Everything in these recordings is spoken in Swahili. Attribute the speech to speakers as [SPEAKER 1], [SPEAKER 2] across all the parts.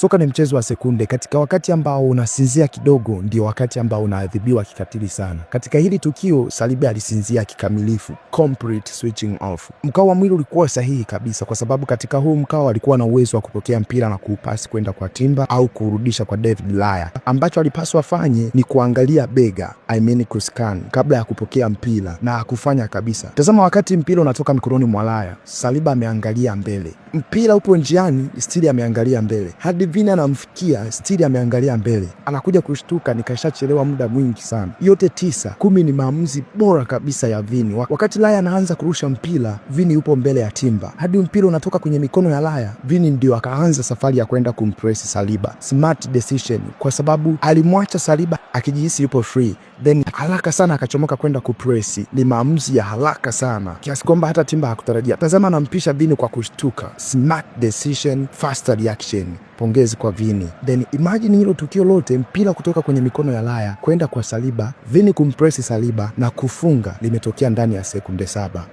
[SPEAKER 1] Soka ni mchezo wa sekunde. Katika wakati ambao unasinzia kidogo, ndio wakati ambao unaadhibiwa kikatili sana. Katika hili tukio, Saliba alisinzia kikamilifu, complete switching off. Mkao wa mwili ulikuwa sahihi kabisa, kwa sababu katika huu mkao alikuwa na uwezo wa kupokea mpira na kuupasi kwenda kwa Timba au kurudisha kwa David Laya. Ambacho alipaswa afanye ni kuangalia bega, I mean kuscan, kabla ya kupokea mpira na kufanya kabisa. Tazama, wakati mpira unatoka mikononi mwa Laya, Saliba ameangalia mbele, mpira upo njiani, stili ameangalia mbele hadi Kevin anamfikia stili, ameangalia mbele, anakuja kushtuka, nikashachelewa muda mwingi sana. Yote tisa kumi ni maamuzi bora kabisa ya Vini. Wakati Laya anaanza kurusha mpira, Vini yupo mbele ya Timba hadi mpira unatoka kwenye mikono ya Laya. Vini ndio akaanza safari ya kwenda kumpresi Saliba. Smart decision, kwa sababu alimwacha Saliba akijihisi yupo free then haraka sana akachomoka kwenda kupresi. Ni maamuzi ya haraka sana kiasi kwamba hata Timba hakutarajia. Tazama, anampisha Vini kwa kushtuka, smart decision, fast reaction. Pongezi kwa Vini. Then imagine hilo tukio lote, mpira kutoka kwenye mikono ya Laya kwenda kwa Saliba, Vini kumpresi Saliba na kufunga, limetokea ndani ya sekunde saba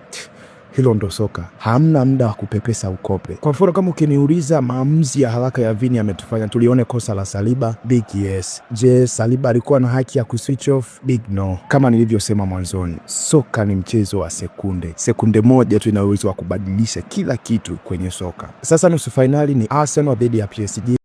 [SPEAKER 1] hilo ndo soka, hamna muda wa kupepesa ukope. Kwa mfano kama ukiniuliza maamuzi ya haraka ya Vini ametufanya tulione kosa la Saliba, big yes. Je, Saliba alikuwa na haki ya kuswitch off? Big no. Kama nilivyosema mwanzoni, soka ni mchezo wa sekunde. Sekunde moja tu ina uwezo wa kubadilisha kila kitu kwenye soka. Sasa nusu fainali ni Arsenal dhidi ya PSG.